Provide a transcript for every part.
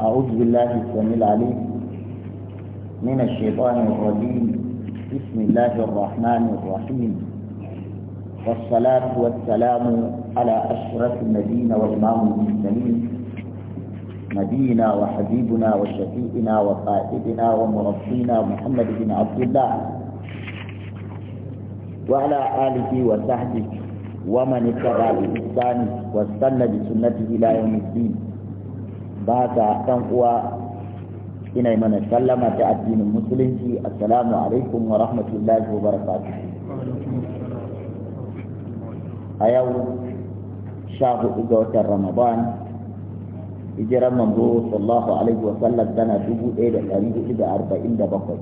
أعوذ بالله السميع العليم من الشيطان الرجيم بسم الله الرحمن الرحيم والصلاة والسلام على أشرف النبيين وإمام المرسلين نبينا وحبيبنا وشفيئنا وقائدنا ومربينا محمد بن عبد الله وعلى آله وصحبه ومن اتبع بإحسانه واستنى بسنته إلى يوم الدين ba ta ɗan uwa ina yi mana sallama ta addinin musulunci assalamu alaikum wa rahmatullahi wa barakatuh a yau sha hudu ga watan ramadan hijiran manzo sallahu alaihi wa sallam tana dubu ɗaya da ɗari hudu da arba'in da bakwai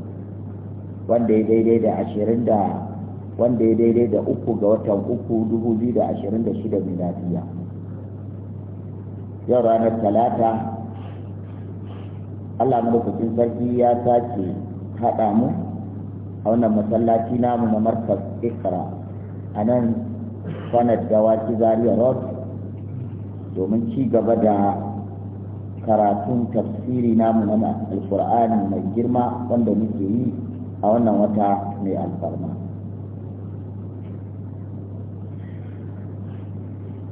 wanda ya daidai da ashirin da wanda ya daidai da uku ga watan uku dubu biyu da ashirin da shida miladiya yau ranar talata Allah madaukakin sarki ya sace haɗa mu a wannan masallaci namu na markaz ikra a nan fanat gawaki zaria rod domin ci gaba da karatun tafsiri namu na alkur'ani mai girma wanda muke yi a wannan wata mai alfarma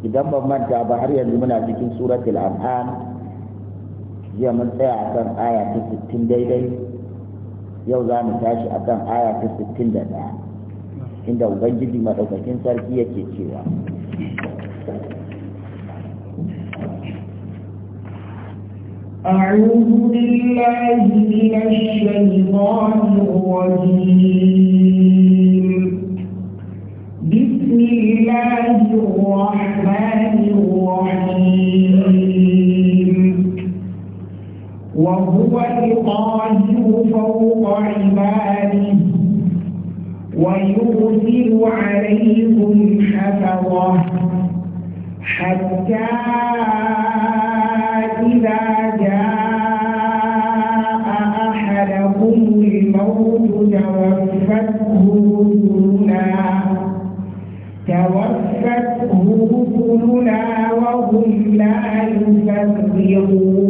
idan ban manta ba har yanzu muna cikin suratul an'am jiya mun tsaya a kan aya ta sittin daidai yau za mu tashi a kan aya ta sittin da ɗaya inda ubangiji maɗaukakin sarki yake cewa أعوذ بالله من الشيطان الرجيم بسم الله الرحمن الرحيم وهو القاهر فوق عباده ويرسل عليكم حفظه حتى إذا جاء أحدكم الموت توفته رسلنا توفته رسلنا وهم لا يفرقون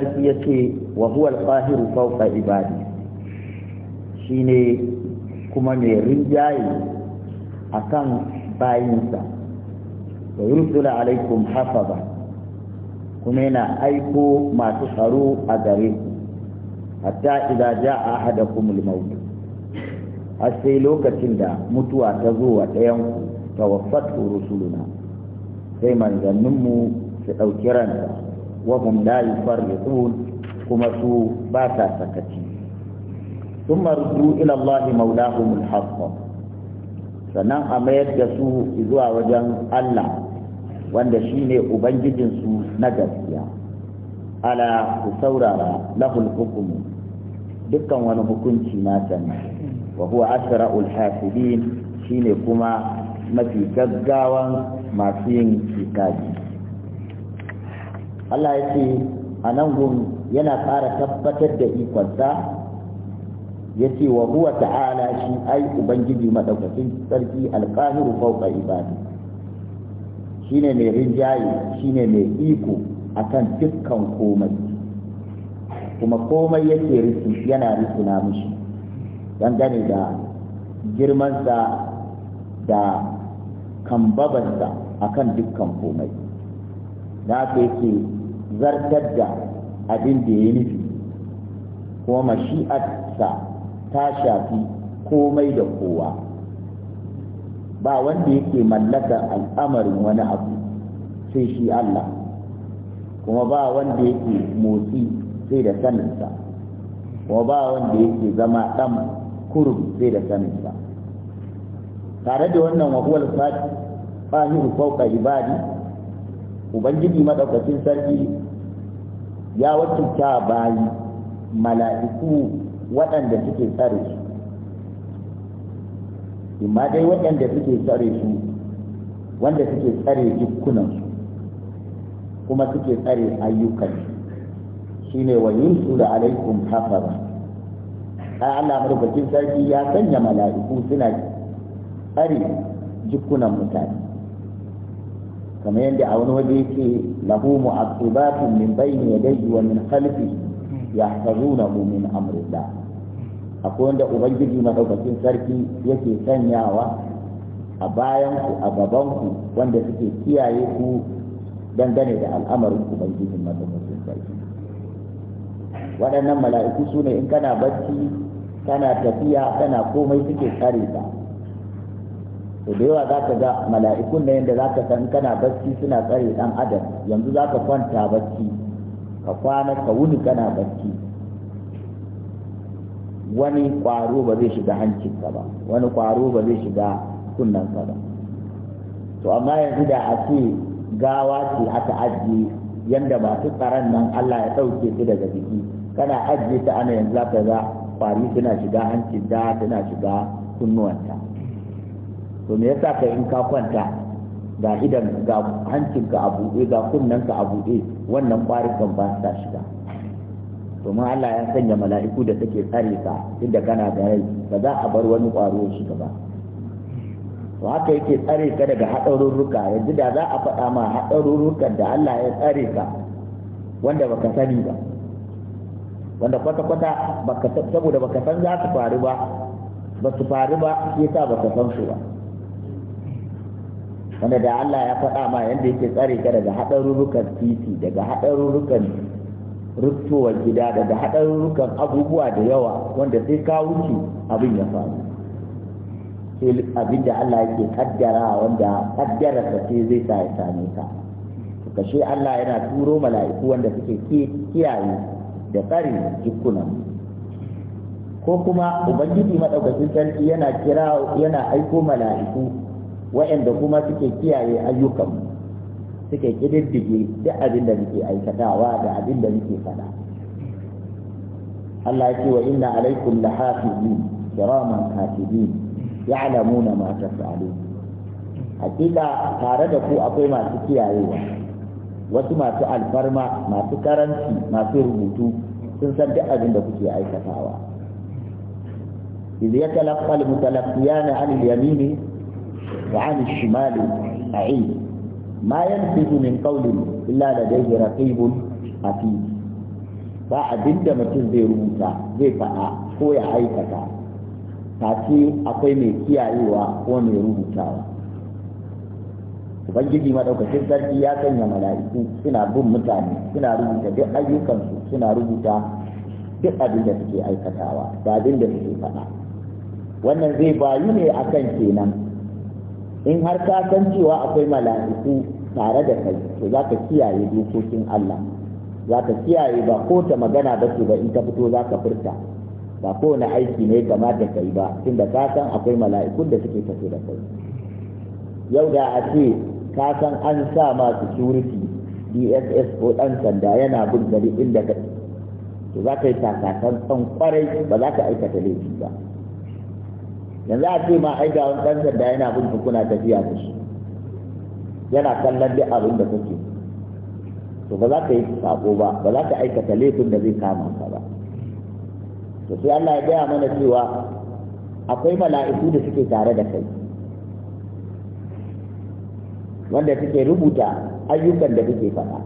sarki ya ce wa huwal qahiru fawqa ibadi shine kuma mai rinjaye akan bayinsa wa yursula alaikum hafaza kuma yana aiko masu tsaro a gare ku hatta idza jaa ahadakum al-maut lokacin da mutuwa ta zo wa ɗayan ku tawaffatu rusuluna sai manzanninmu su ɗauki ranta wa hum la kuma su ba ta sakaci thumma ruddu ila Allah sannan a mayar da su zuwa wajen Allah wanda shine ubangijinsu na gaskiya ala ku saurara lahul hukumu dukkan wani hukunci nasa ne wa huwa asra'ul hasidin shine kuma mafi gaggawan masu yin kikaji Allah ya ce a nan gun yana ƙara tabbatar da ikonsa ya ce wa huwa ta'ala shi ai ubangiji madaukakin sarki alƙahiru fauka ibadi shine mai rinjaye shine mai iko akan dukkan komai kuma komai yake yana risuna mishi dangane da girmansa da kambabarsa akan dukkan komai na aka yake zartar da abin da ya nufi kuma mashi'arsa ta shafi komai da kowa ba wanda yake mallaka al'amarin wani abu sai shi Allah kuma ba wanda yake motsi sai da saninsa kuma ba wanda yake zama ɗan kurum sai da saninsa tare da wannan wahuwar fahimu fauka ibadi ubangiji madaukakin sarki ya ta bayi mala'iku waɗanda suke tsare su imma dai waɗanda suke tsare su wanda suke tsare jikunansu kuma suke tsare ayyukan shine wa yunsu da alaikum hafaza ai Allah madaukakin sarki ya sanya mala'iku suna tsare jikunan mutane kamar yadda a wani waje yake lahu mu'aqibatun min bayni yadayhi wa min khalfihi yahfazunahu min amrillah akwai wanda ubangiji madaukakin sarki yake sanyawa a bayan ku a gaban ku wanda suke kiyaye ku dangane da al'amarin ubangijin madaukakin sarki waɗannan mala'iku su ne in kana bacci kana tafiya tana komai suke tsare ka to da yawa zaka ga mala'ikun ne yanda zaka san kana bacci suna tsare dan adam yanzu zaka kwanta bacci ka kwana ka wuni kana bacci wani kwaro ba zai shiga hancinka ba wani kwaro ba zai shiga ka ba to amma yanzu da a ce gawa ce aka ajiye yanda masu tsaron nan Allah ya ɗauke su daga jiki kana ajiye ta ana yanzu zaka ga kwari suna shiga hancinta suna shiga kunnuwanta to me yasa kai in ka kwanta ga idan ga hancinka a buɗe ga ka a buɗe wannan kan ba sa shiga domin Allah ya sanya mala'iku da take tsare ka inda kana da rai ba za a bar wani ya shiga ba to haka yake tsare ka daga haɗarurruka yanzu da za a faɗa ma haɗarurrukan da Allah ya tsare ka wanda baka sani ba wanda kwata-kwata baka saboda baka san za su faru ba ba su faru ba shi yasa baka san su ba wanda da Allah ya faɗa ma yadda yake tsare ka daga haɗarurrukan titi daga haɗarurrukan rufowar gida daga haɗarurrukan abubuwa da yawa wanda sai ka wuce abin ya faru sai abin da Allah yake kaddara wanda kaddara ka ce zai sa ya same ka kashe Allah yana turo mala'iku wanda suke kiyaye da tsare jikunan ko kuma ubangiji madaukakin sarki yana kira yana aiko mala'iku waɗanda kuma suke kiyaye ayyukan suke kididdige duk abin da muke aikatawa da abin da muke faɗa Allah ya ce wa inna alaikum lahafizin kiraman katibin ya'lamuna ma taf'alun hakika tare da ku akwai masu kiyayewa wasu masu alfarma masu karanci masu rubutu sun san duk abin da kuke aikatawa إذ يتلقى المتلقيان عن اليمين وعن الشمال عيد ما ينفذ من قول إلا لديه رقيب حفيظ ba abin da mutum zai rubuta zai faɗa ko ya aikata tafi akwai mai kiyayewa ko mai rubutawa ubangiji madaukakin sarki ya sanya mala'iku suna bin mutane suna rubuta duk ayyukansu suna rubuta duk abin da suke aikatawa da abin da suke faɗa wannan zai bayu ne akan kenan in har ka san cewa akwai mala'iku tare da kai to za ka kiyaye dokokin Allah za ka kiyaye ba ko ta magana ba ce ba in ka fito za ka furta ba kowane aiki ne kamata da kai ba tunda ka san akwai mala'ikun da suke tafi da kai yau da a ce ka san an sa ma security dss ko ɗan sanda yana bin gari inda ka to za ka yi san kwarai ba za ka aikata laifi ba yanzu a ce ma ai ga wani ɗan sanda yana bin kuna tafiya da shi yana kallon duk abin da kuke to ba za ka yi sako ba ba za ka aikata laifin da zai kama ka ba to sai Allah ya gaya mana cewa akwai mala'iku da suke tare da kai wanda suke rubuta ayyukan da suke faɗa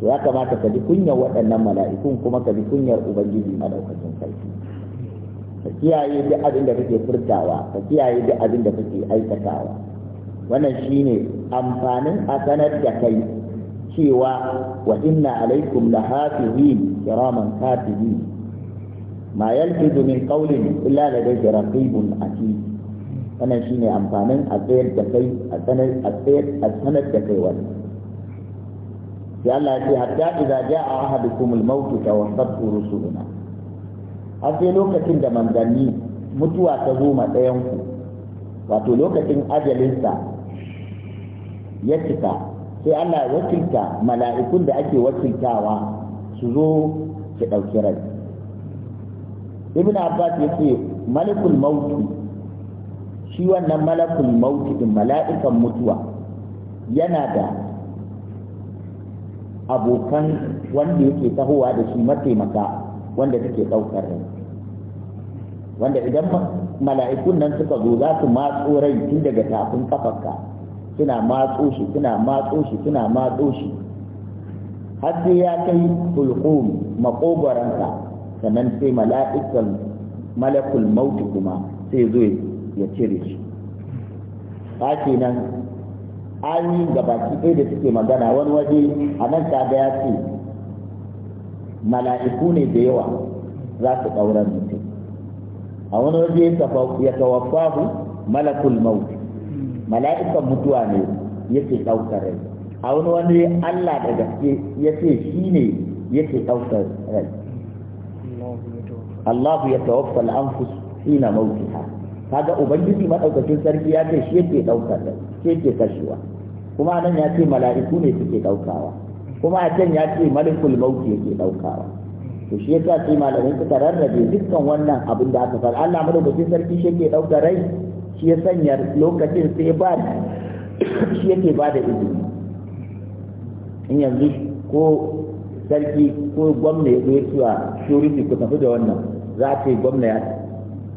to ya kamata ka ji kunyar waɗannan mala'ikun kuma ka ji kunyar ubangiji madaukakin sarki kiyaye duk abin da kake furtawa ka kiyaye duk abin da kake aikatawa wannan shine amfanin a sanar da kai cewa wa inna alaikum lahafizin kiraman katibin ma yalfizu min qawlin illa ladayhi raqibun atid wannan shine amfanin a tsayar da kai a sanar a tsayar a sanar da kai wani sai Allah ya ce hatta idza jaa ahadukum al-maut tawaffatu rusuluna har sai lokacin da manzanni mutuwa ta zo ma ɗayanku wato lokacin ajalinsa ya cika sai Allah ya wakilta mala'ikun da ake wakiltawa su zo su ɗauki rai ibn abbas ya ce malakul mautu shi wannan malakul mautu din mala'ikan mutuwa yana da abokan wanda yake tahowa da shi mataimaka wanda take ɗaukar rai wanda idan mala'ikun nan suka zo za su matso rai tun daga tafin kafarka suna matso shi suna matso shi suna matso shi har sai ya kai hulqum makogwaranka sannan sai mala'ikun malakul maut kuma sai zo ya cire shi ba kenan ayoyin baki ɗaya da suke magana wani waje a nan ga ya ce mala'iku ne da yawa za su ɗaurar mu a wani waje ya tawaffahu malakul maut mala'ikan mutuwa ne yake ɗaukar rai a wani wani Allah da gaske ya ce shi ne yake ɗaukar rai Allahu ya tawaffa al-anfus hina ha kaga ubangiji madaukakin sarki ya ce shi yake ɗaukar rai shi yake kashewa kuma nan ya ce mala'iku ne suke ɗaukawa kuma a can ya ce malikul mauti yake ɗaukawa to shi yasa sai malamai suka rarrabe dukkan wannan abin da aka faɗa Allah sai sarki shi yake ɗaukar rai shi ya sanya lokacin sai ba shi yake ba da izini in yanzu ko sarki ko gwamna ya zo cewa security ku tafi da wannan za a yi gwamna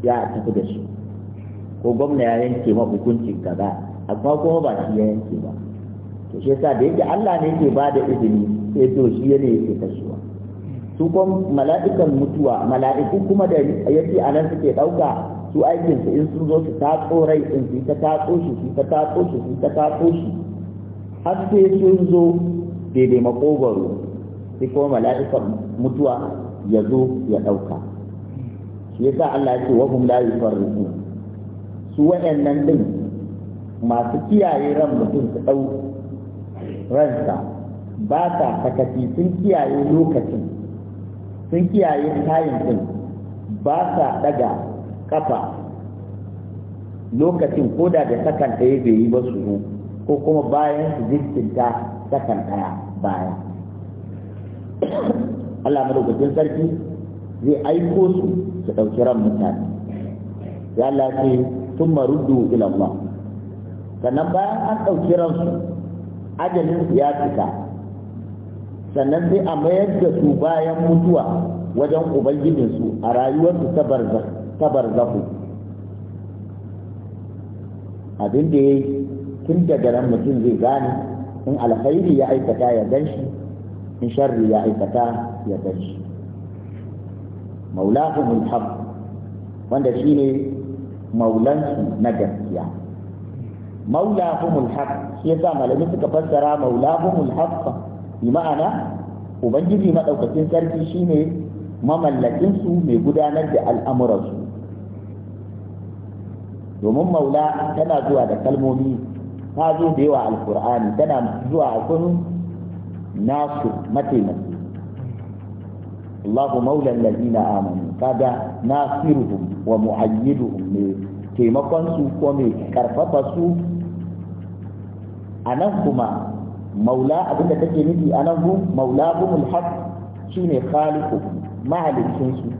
ya tafi da shi ko gwamna ya yanke ma hukuncin kaza amma kuma ba shi ya yanke ba to shi yasa da yake Allah ne yake ba da izini sai to shi ne yake kashewa su kuma mala'ikan mutuwa mala'iku kuma da yake a nan suke ɗauka su aikin su in sun zo su ta rai in su ta ta shi su ta ta shi su ta ta shi har sai sun zo daidai makogaro sai kuma mala'ikan mutuwa ya zo ya ɗauka shi yasa Allah ya ce wa hum la yufarriqu su wa'annan din masu kiyaye ran mutum su ɗau ransa ba ta sakaci sun kiyaye lokacin sun kiyaye tayin din ba sa daga kafa lokacin ko da sakan ɗaya bai yi ba su ko kuma bayan su jikinta sakan ɗaya baya Allah madaukakin sarki zai aiko su su ɗauki ran mutane ya Allah sun maruddu ila Allah sannan bayan an ɗauki ransu ajalinsu su ya fita sannan sai a mayar da su bayan mutuwa wajen ubangijinsu a rayuwarsu ta barzahu abin da ya yi tun daga nan mutum zai gane in alkhairi ya aikata ya gan shi in sharri ya aikata ya gan shi maulahumul haq wanda ne maulansu na gaskiya maulahumul haq shi sa malami suka fassara maulahumul haqqa bi ma'ana ubangiji maɗaukacin sarki shine mamallakin su mai gudanar da al'amuransu domin maula tana zuwa da kalmomi ta zo da yawa alkur'ani tana zuwa a kun nasu mataimaki Allahu maulan lalina amanu kaga nasiruhum wa mu'ayyiduhum ne taimakon su ko mai karfafa su a nan kuma maula abinda take nufi a nan gun maula gumul haq shine khaliqu mahalicinsu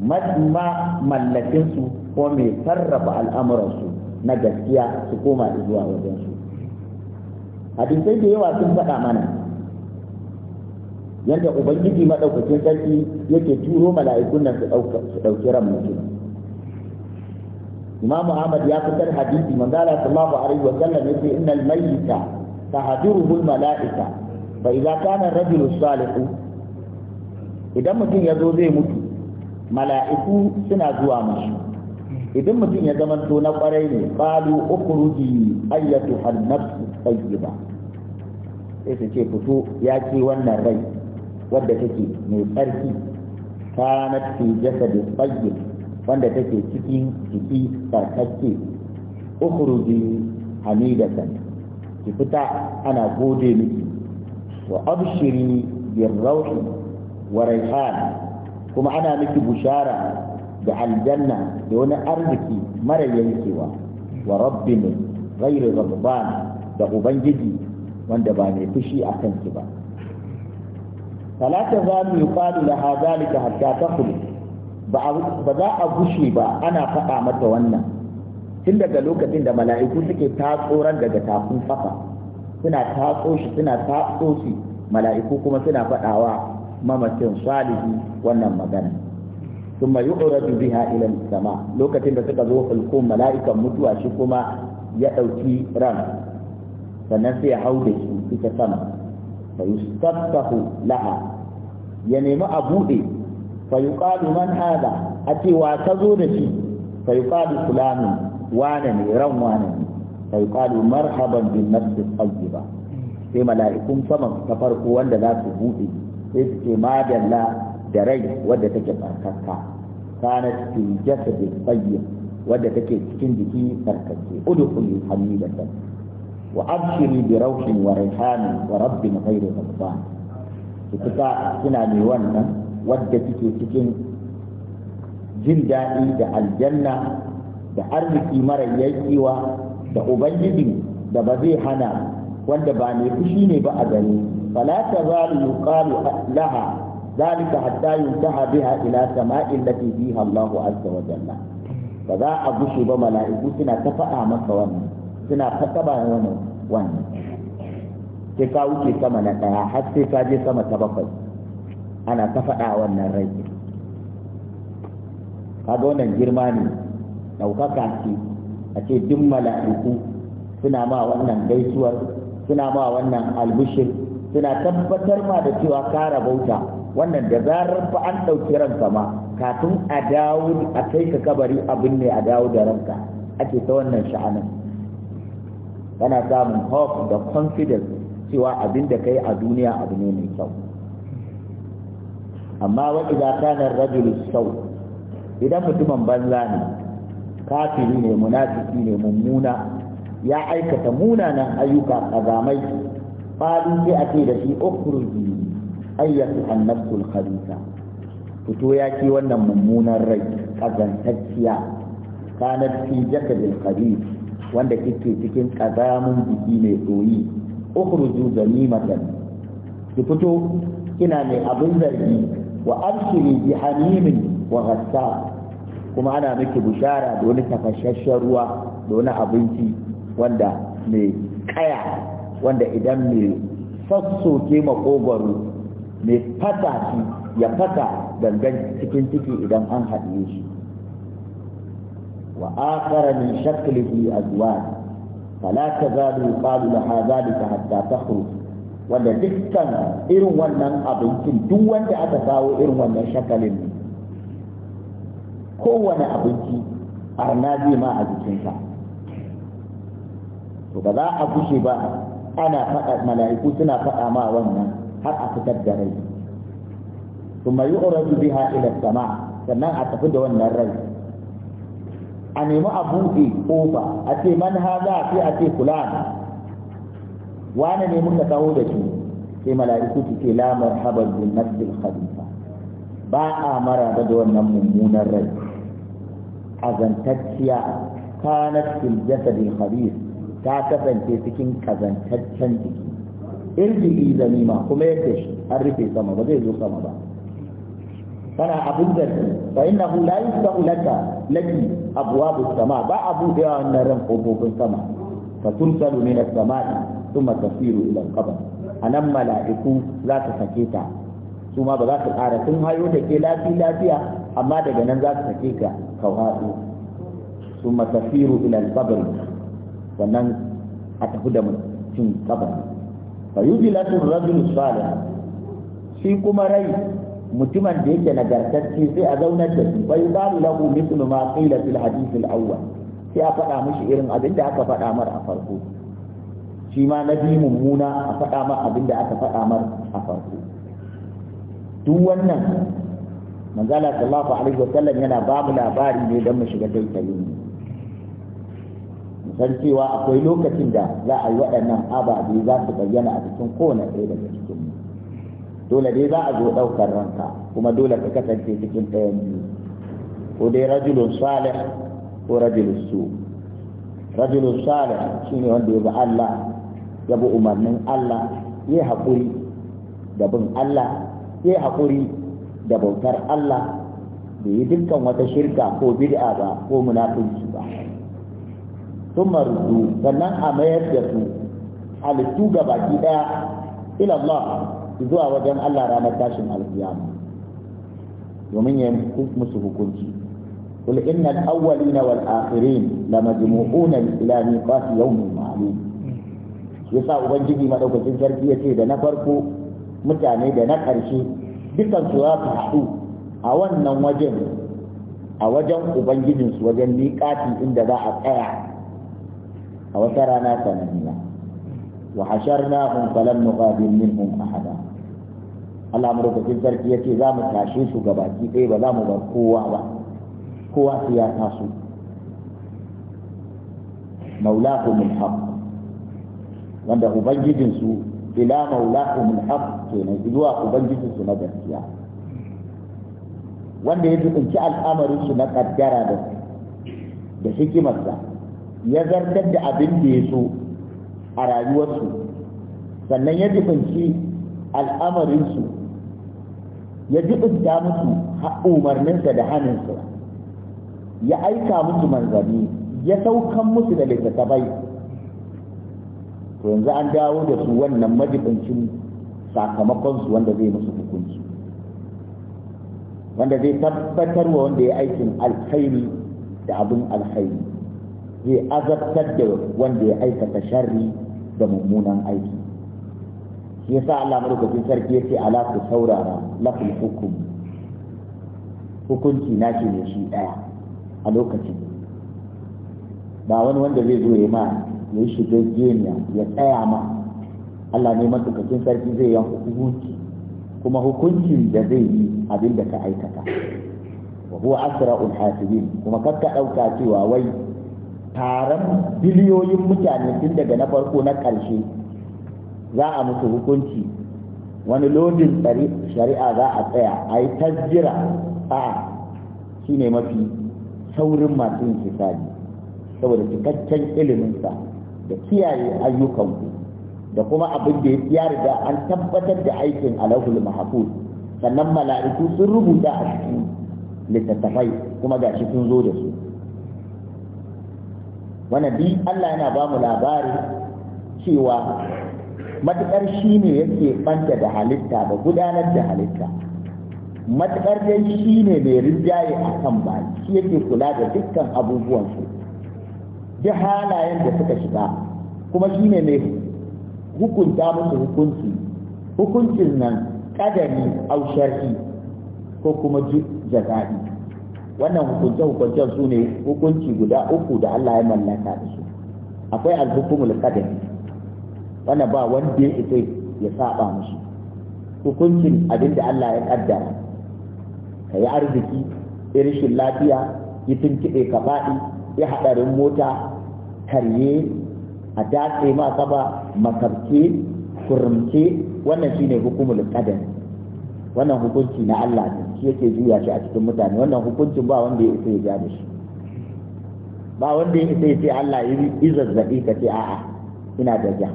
ma mallakinsu ko mai sarrafa al'amuransu na gaskiya su koma zuwa wajensu hadisai da yawa sun faɗa mana yadda ubangiji maɗaukacin sarki yake turo mala'ikun nan su ɗauki ran mutum imamu ahmad ya fitar hadisi manzala sallallahu alaihi wa sallam yace innal mayyita tahduruhu malaika fa idza kana ar-rajulu salihu idan mutum ya zo zai mutu mala'iku suna zuwa mashi idan mutum ya zama to na kwarai ne qalu ukhruji ayyatu an-nafs tayyiba sai su ce fito ya ce wannan rai wadda take mai tsarki kanat fi jasadi tayyib wanda take cikin jiki tsarkake ukhruji hamidatan ki fita ana gode miki wa abshiri bin rauhi wa raihan kuma ana miki bushara da aljanna da wani arziki mara yankewa wa rabbin ghairu ghadban da ubangiji wanda ba mai fushi a kanki ba talata za mu yuqalu laha zalika hatta ba za a gushe ba ana faɗa mata wannan tun daga lokacin da mala'iku suke tatsoron daga tafin kafa suna tatso shi suna tatso shi mala'iku kuma suna faɗawa mamacin salihi wannan magana ثم يعرض biha الى السماء lokacin da suka zo hulkun mala'ikan mutuwa shi kuma ya ɗauki ran sannan sai ya hau da shi ita sama fa laha ya nemi a buɗe fa man hada a ce wa ta zo da shi fa yuqalu fulanin wane ne ran wane ne sai qalu marhaban bin nafsi tayyiba sai mala'ikun saman ta farko wanda za su buɗe sai su ce madalla da rai wadda take tsarkaka kana fi jasadin tayyib wadda take cikin jiki tsarkake udkhulu hamidatan wa abshiri bi rawhin wa rayhanin wa rabbin ghayri ghadban ki fita kina ne wannan wadda kike cikin jin daɗi da aljanna da arziki mara yankewa da ubangiji da ba zai hana wanda ba mai fushi ne ba a gare fala ta za mu yi zalu yuqalu laha zalika hatta yuntaha biha ila sama'in lati biya allahu azza wa jalla ba za a gushe ba mala'iku suna ta faɗa maka wannan suna ta wannan wannan sai ka wuce sama na ɗaya har sai ka je sama ta bakwai ana ta faɗa wannan rai kaga wannan girma ne ɗaukaka ce a ce duk mala'iku suna ma wannan gaisuwar suna ma wannan albushir suna tabbatar ma da cewa ka bauta wannan da zarar fa an ɗauki ranka ma kafin a dawo a kai ka kabari abin ne a dawo da ranka ake ta wannan sha'anin kana samun hope da confidence cewa abin da kai a duniya abu ne mai kyau amma wa idza kana rajulu sau idan mutumin banza ne kafiri ne munafiki ne mummuna ya aikata munanan ayyuka kazamai fadin sai a ce da shi ukhruji ayyatu annabtul khabitha fito ya ki wannan mummunan rai kazantacciya kanar fi jakadil khabith wanda kike cikin kazamun jiki mai doyi ukhruju ganimatan ki fito kina mai abin zargi wa abshiri bi hanimin wa ghassar kuma ana miki bushara da wani tafashashen ruwa da wani abinci wanda mai kaya wanda idan mai sassoke makogwaro mai fata shi ya fata gangan cikin ciki idan an haɗe shi wa akara min shaklihi azwaj fala tazalu yuqalu laha zalika hatta takhruj wanda dukkan irin wannan abincin duk wanda aka kawo irin wannan shakalin kowane abinci arna zai ma a jikinsa to ba za a kushe ba ana faɗa mala'iku suna faɗa ma wannan har a fitar da rai kuma yi uradu biha ila sama sannan a tafi da wannan rai a nemi a buɗe ƙofa a ce man haza sai a ce kula Wani ne muka kawo da shi sai mala'iku su ce la marhaban bin nafsil khalifa ba a mara da wannan mummunan rai kazantacciya kanat fil jasadi khabith ta kasance cikin kazantaccen jiki irji zanima kuma yake an rufe sama ba zai zo sama ba kana abin da fa innahu la yusau laka laki abwabu sama ba abu da wannan ran kofofin sama fa tursalu min as-sama'i thumma tasiru ila al-qabr anan mala'iku za ta sake ta su ma ba za su ƙara sun hayo da ke lafi lafiya amma daga nan za su sake ka ka su matafiru ila alƙabari sannan a tafi da mutum ƙabari fa yuji lasu rajul salih shi kuma rai mutumin da yake nagartacce sai a zaunar da shi bai ba lahu mithlu ma qila fil hadith al awwal sai a faɗa mishi irin abin da aka faɗa mar a farko shi ma na bi mummuna a faɗa mar abin da aka faɗa mar a farko duk wannan manzala sallallahu alaihi wasallam yana babu labari ne don mu shiga taitayi san cewa akwai lokacin da za a yi waɗannan ababe za su bayyana a cikin kowane ɗaya daga cikin mu dole dai za a zo ɗaukar ranka kuma dole ka kasance cikin ɗayan biyu ko dai rajulun salih ko rajulun su rajulun salih shine wanda ya bi Allah ya bi umarnin Allah ya haƙuri da bin Allah sai haƙuri da bautar Allah da yi dukkan wata shirka ko bid'a ba ko munafunci ba sun marudu sannan a mayar da su halittu ga baki ɗaya ilallah zuwa wajen Allah ranar tashin alkiyama domin ya musu hukunci قل wal akhirin la لمجموعون ila ميقات يوم ma'lum. yasa ubangiji madaukakin sarki yace da na farko mutane da na ƙarshe dukan su za su haɗu a wannan wajen a wajen ubangijinsu wajen miƙati inda za a tsaya a wata rana sananniya wa hasharnahum falam nuqabil minhum ahada Allah madaukakin sarki ce za mu tashe su gabaki ɗaya ba za mu bar kowa ba kowa sai ya taso maulahu min haqq wanda ubangijinsu ila maulahum al-haq kenan zuwa ubangiji su na gaskiya wanda ya dubunci al'amarin su na kaddara da da hikimarsa ya zartar da abin da ya so a rayuwarsu sannan ya dubunci al'amarin su ya dubunta musu umarninsa da hannunsa ya aika musu manzanni ya saukan musu da littattafai to yanzu an dawo da su wannan majibancin sakamakon su wanda zai musu hukunci wanda zai tabbatar wa wanda ya aikin alkhairi da abin alkhairi zai azabtar da wanda ya aikata sharri da mummunan aiki shi yasa Allah madaukakin sarki yace ala ku saurara lakul hukum hukunci na shi ne shi daya a lokacin ba wani wanda zai zo ya ma ya yi shiga geniya ya tsaya ma Allah ne matukacin sarki zai yi hukunci kuma hukuncin da zai yi abin da ka aikata wa huwa asra'ul hasibin kuma kakka ɗauka cewa wai taron biliyoyin mutane tun daga na farko na karshe za a musu hukunci wani lodin shari'a za a tsaya a yi tajjira a shi ne mafi saurin masu yin saboda cikakken iliminsa da kiyaye ayyukanku da kuma abin da ya riga an tabbatar da aikin alahul mahfuz sannan mala'iku sun rubuta a cikin littattafai kuma gashi sun zo da su wannan bi Allah yana ba mu labari cewa matukar shi yake ɓanta da halitta da gudanar da halitta matuƙar dai shi ne mai rinjaye a kan ba shi yake kula da dukkan abubuwansu ji halayen da suka shiga kuma shine mai hukunta musu hukunci hukuncin nan kadari au shar'i ko kuma jaza'i wannan hukunce hukuncen su ne hukunci guda uku da Allah ya mallaka da su akwai alhukumul qadari wannan ba wanda ya ita ya saba musu hukuncin abin da Allah ya kaddara ka yi arziki irishin lafiya yi tunkiɗe ka faɗi ya haɗarin mota karye a datse ma saba makarce kurumce wannan shine hukumul qadar wannan hukunci na Allah ne shi yake juya shi a cikin mutane wannan hukuncin ba wanda ya isa ya ja da shi ba wanda ya isa ya ce Allah yi zazzabi ka ce a'a ina da ja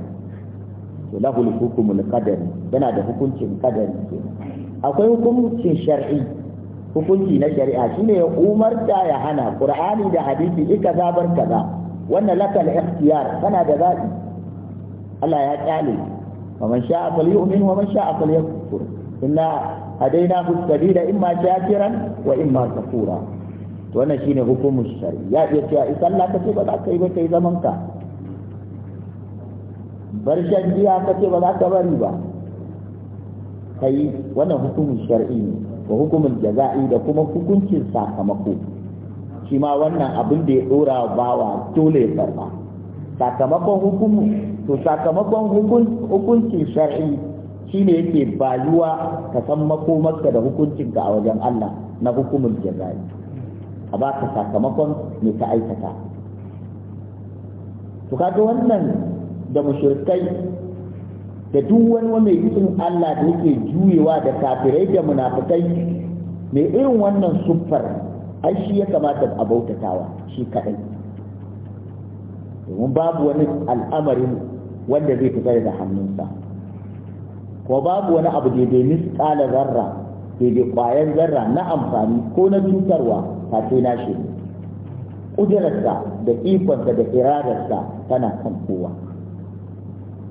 to lahul hukumul qadar yana da hukuncin kadan. akwai hukuncin shar'i hukunci na shari'a shine ya umarta ya hana qur'ani da hadisi ika zabar kaza wannan lakal ikhtiyar kana da zabi Allah ya kyale wa man sha'a falyu'min wa man sha'a falyakfur inna hadainahu as-sabila imma shakiran wa imma kafura to wannan shine hukumin shari'a ya iya cewa in ka ce ba za ka yi ba kai zaman ka bar shan giya ce ba za ka bari ba kai wannan hukumin shar'i ne wa hukumin jaza'i da kuma hukuncin sakamako shi ma wannan abin da ya dora bawa dole ya ba sakamakon hukumu to sakamakon hukuncin shar'i ne yake bayuwa ka san makomarka da hukuncin ka a wajen Allah na hukumin jaza'i a baka sakamakon me ka aikata to kaga wannan da mushrikai da duk wani mai yin Allah da yake juyewa da kafirai da munafikai mai irin wannan siffar ai shi ya kamata a bautatawa shi kadai domin babu wani al'amarin wanda zai fita da hannunsa ko babu wani abu daidai misƙala zarra daidai ƙwayan zarra na amfani ko na cutarwa ta sai na shi ƙudurarsa da ikonsa da irararsa tana kan kowa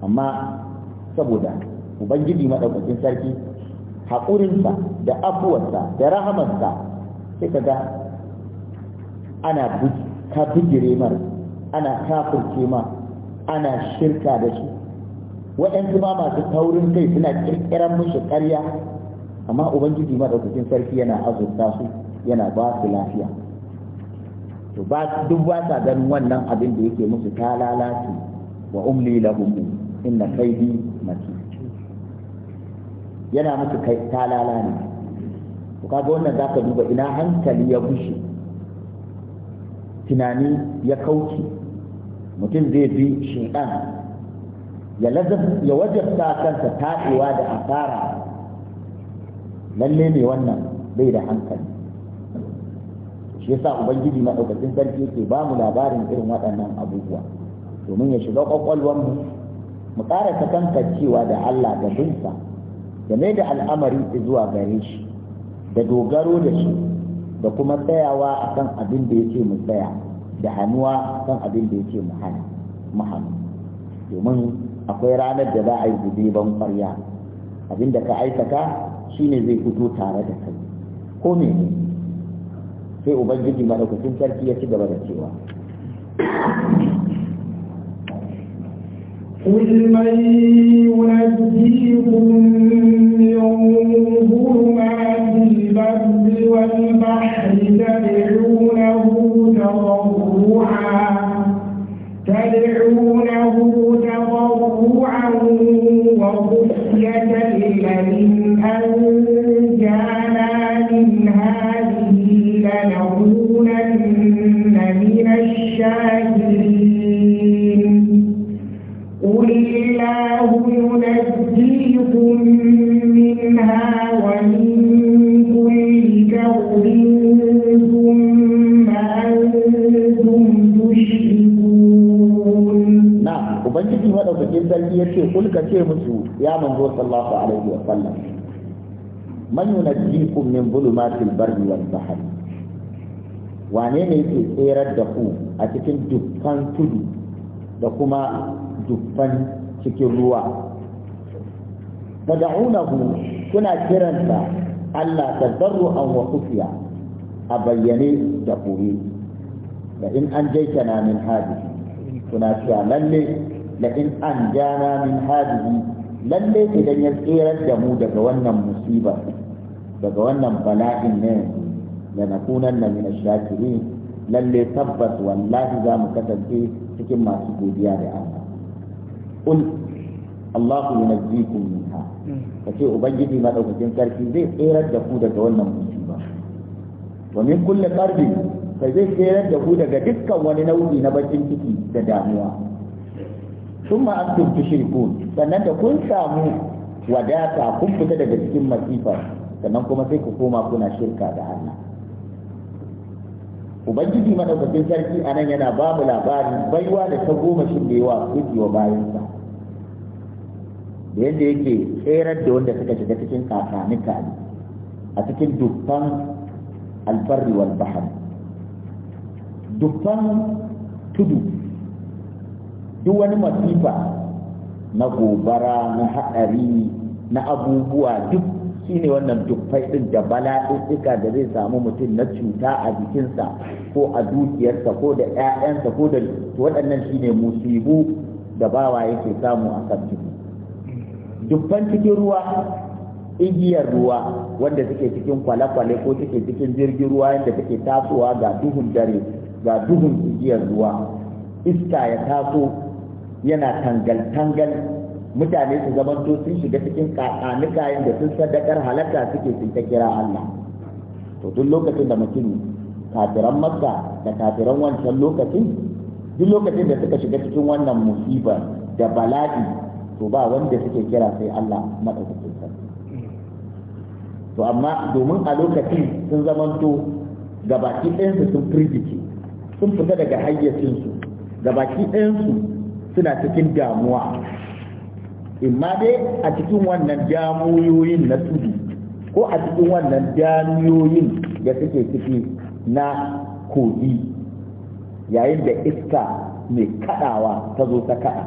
amma saboda ubangiji madaukakin sarki haƙurinsa da afuwarsa da rahamarsa sai ka ga ana ka bijire mar ana kafurce ma ana shirka da shi waɗansu ma masu taurin kai suna ƙirƙiran mushi ƙarya amma ubangiji madaukakin sarki yana azurta su yana ba su lafiya to ba duk ba sa ganin wannan abin da yake musu ta lalace wa umli lahum inna kaidi mace yana musu kai talala ne ku kaga wannan zaka duba ina hankali ya bushe tunani ya kauce mutum zai bi shaidan ya wajabta kansa taɗewa da asara lalle ne wannan bai da hankali shi yasa ubangiji maɗaukakin sarki yake ba mu labarin irin waɗannan abubuwa domin ya shiga mu. mu ƙara cewa da Allah da binsa da mai da al'amari zuwa gare shi da dogaro da shi da kuma tsayawa a kan abin da yake mu tsaya da hannuwa a kan abin da yake mu hana domin akwai ranar da za a yi gube ban ƙwarya abin da ka aikata ne zai fito tare da kai ko ne sai ubangiji maɗaukacin sarki ya ci gaba da cewa قل من ينجيكم من ظلمات البر والبحر تدعونه تضرعا تدعونه تضرعا وخفية لئن sallallahu alaihi wa sallam man yunajjikum min zulumatil barri wal bahri wane ne yake tserar da ku a cikin dukkan tudu da kuma dukkan cikin ruwa tad'unahu kuna kiranta Allah tadarruan wa khufiya a bayyane da koyi da in an jaitana min hadihi kuna cewa lalle da in an jana min hadihi lalle idan ya tserar da mu daga wannan musiba daga wannan bala'in ne da na kunan na mina shakiri lalle tabbas wallahi za mu kasance cikin masu godiya da Allah kul Allahu yunajjikum minha kace ubangiji madaukakin sarki zai tserar da ku daga wannan musiba wa min kulli qarbi kai zai tserar da ku daga dukkan wani nau'i na bakin ciki da damuwa sun ma'abdin tushirkun sannan da kun samu wadata kun fita daga cikin masifa sannan kuma sai ku koma kuna shirka da Allah ubangiji madaukakin sarki anan yana ba mu labarin baiwa da ta goma shi da yawa kuji wa bayansa da yadda yake tserar da wanda suka shiga cikin kakanika ne a cikin dukkan albarri wal bahar dukkan tudu duk wani masifa na gobara na haɗari na abubuwa duk shine wannan duk ɗin da bala'ika da zai samu mutum na cuta a jikinsa ko a dukiyarsa ko da 'ya'yansa ko da waɗannan shine musibu da bawa yake samu a kan ciki dubban cikin ruwa igiyar ruwa wanda take cikin kwale-kwale ko take cikin jirgin ruwa yadda take tasowa ga duhun dare ga duhun igiyar ruwa iska ya taso yana tangal-tangal mutane su zamanto sun shiga cikin kayan da sun sadakar halaka suke sun ta kira Allah to duk lokacin da mutum kafiran makka da kafiran wancan lokacin duk lokacin da suka shiga cikin wannan musiba da bala'i to ba wanda suke kira sai Allah madaukakin sarki to amma domin a lokacin sun zamanto gabaki ɗayansu sun firgice sun fita daga hayyacinsu gabaki ɗayansu suna cikin damuwa imma dai a cikin wannan damuyoyin na tudu ko a cikin wannan damuyoyin da suke ciki na kogi yayin da iska mai kadawa ta zo ta kada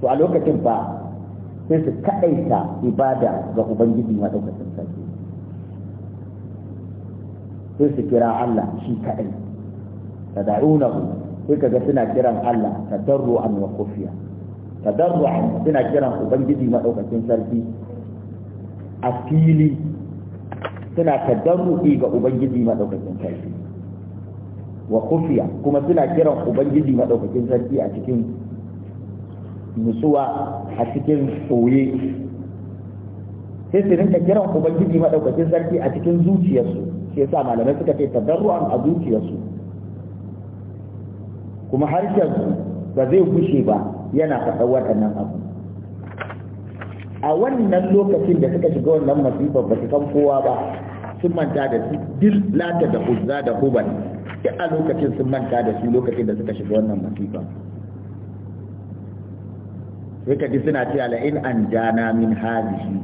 to a lokacin ba sai su kadaita ibada ga ubangiji maɗaukacin sarki sai su kira Allah shi kadai da'unahu sai kaga suna kiran Allah tadarruan wa khufiya tadarruan suna kiran ubangiji madaukakin sarki a fili suna tadarru'i ga ubangiji madaukakin sarki wa khufiya kuma suna kiran ubangiji madaukakin sarki a cikin nutsuwa a cikin tsoye sai su rinka kiran ubangiji madaukakin sarki a cikin zuciyarsu sai sa malamai suka ce tadarru'an a zuciyarsu kuma harshen ba zai gushe ba yana faɗa waɗannan abu a wannan lokacin da suka shiga wannan masifar ba su san kowa ba sun manta da su dil lata da uzza da hubal duk a lokacin sun manta da su lokacin da suka shiga wannan masifar sai ka ji suna cewa la in an jana min hazihi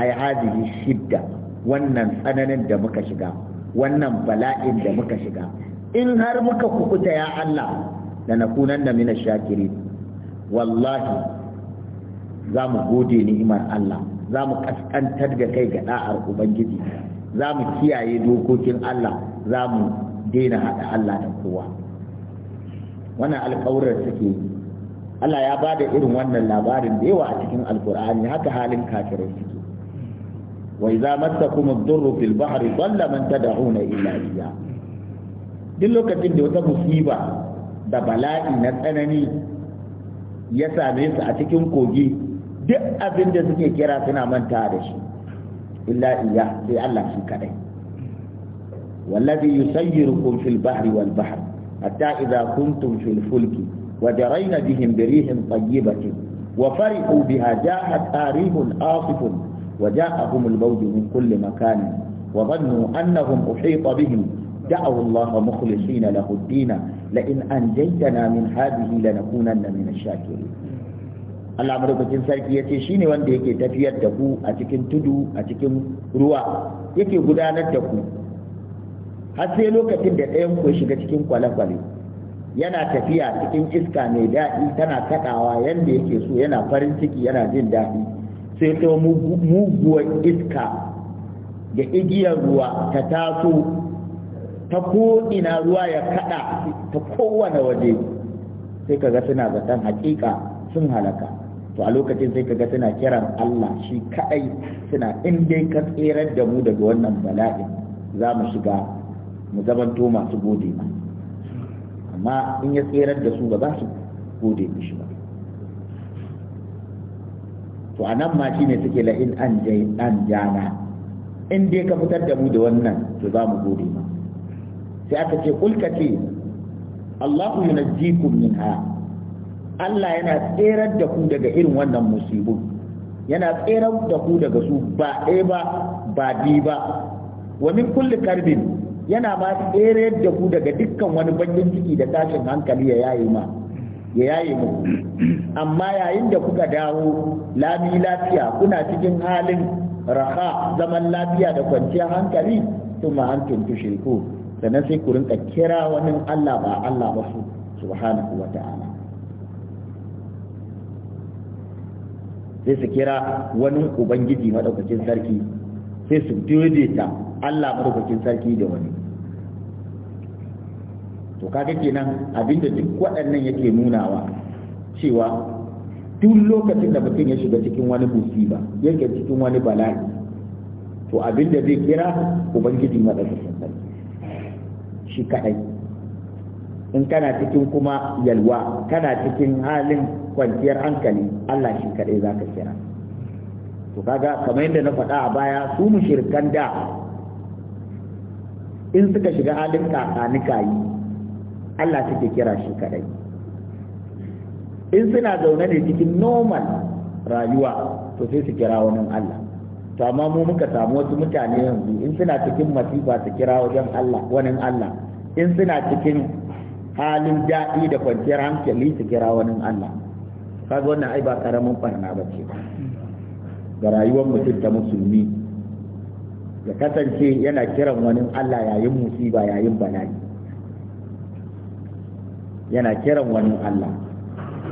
ai hazihi shidda wannan tsananin da muka shiga wannan bala'in da muka shiga in har muka kukuta ya Allah da na kunan da mina shakiri wallahi za mu gode ni'imar Allah za mu kaskantar da kai ga da'ar Ubangiji za mu kiyaye dokokin Allah za mu daina haɗa Allah da kowa wannan alƙawarar suke Allah ya ba da irin wannan labarin da yawa a cikin Alƙur'ani haka halin kafirai suke wa idza massakum ad-durru fil bahri dalla man tad'una illa iyyah duk lokacin da wata musiba da bala'i na tsanani ya same su a cikin kogi duk abin da suke kira suna manta da shi illa iya sai Allah shi kadai wallazi yusayyirukum fil bahri wal bahr hatta idza kuntum fil fulki wa jarayna bihim bi rihin tayyibatin wa farihu biha ja'at tarihun asifun wa ja'ahum al-mawj min kulli makan wa dhannu annahum uhita bihim دعوا الله مخلصين له الدين لئن أنجيتنا من هذه لنكونن من الشاكرين Allah madaukakin sarki ya ce shi ne wanda yake tafiyar da ku a cikin tudu a cikin ruwa yake gudanar da ku har sai lokacin da ɗayan ku shiga cikin kwale-kwale yana tafiya cikin iska mai daɗi tana kaɗawa yadda yake so yana farin ciki yana jin daɗi sai ta muguwar iska da igiyar ruwa ta taso ta ko ina ruwa ya kaɗa ta kowane waje sai kaga suna zaton hakika sun halaka to a lokacin sai kaga suna kiran Allah shi kadai suna in dai ka tserar da mu daga wannan bala'in za mu shiga mu zamanto masu gode ma amma in ya tserar da su ba za su gode mishi ba to a nan ma shi ne suke la'in an jana in dai ka fitar da mu da wannan to za mu gode ma sai aka ce kulka ce Allahu yunajjikum minha Allah yana tserar da ku daga irin wannan musibu yana tserar da ku daga su ba ɗaya ba ba biyu ba wa kulli karbin yana ba tserar da ku daga dukkan wani bakin ciki da tashin hankali ya yayi ma ya yayi mu amma yayin da kuka dawo lami lafiya kuna cikin halin raha zaman lafiya da kwanciyar hankali tuma tushe tushriku sannan sai ku rinka kira wani Allah ba Allah ba su subhanahu wa ta'ala sai su kira wani ubangiji madaukakin sarki sai su ta Allah madaukakin sarki da wani to kaga kenan abinda duk waɗannan yake nunawa cewa duk lokacin da mutum ya shiga cikin wani musiba yake cikin wani bala'i to abin da zai kira ubangiji madaukakin sarki shi kaɗai in kana cikin kuma yalwa kana cikin halin kwanciyar hankali Allah shi za zaka kira to kaga kamar yadda na faɗa a baya su mushrikan da in suka shiga halin kakanika yi Allah suke kira shi kaɗai in suna zaune ne cikin normal rayuwa to sai su kira wani Allah to amma mu muka samu wasu mutane yanzu in suna cikin masifa su kira wajen Allah wani Allah in suna cikin halin daɗi da kwanciyar hankali su kira wani Allah kaga wannan ai ba karamin barna ba ce ga rayuwar mutum ta musulmi ya kasance yana kiran wani Allah yayin musiba yayin bala'i yana kiran wani Allah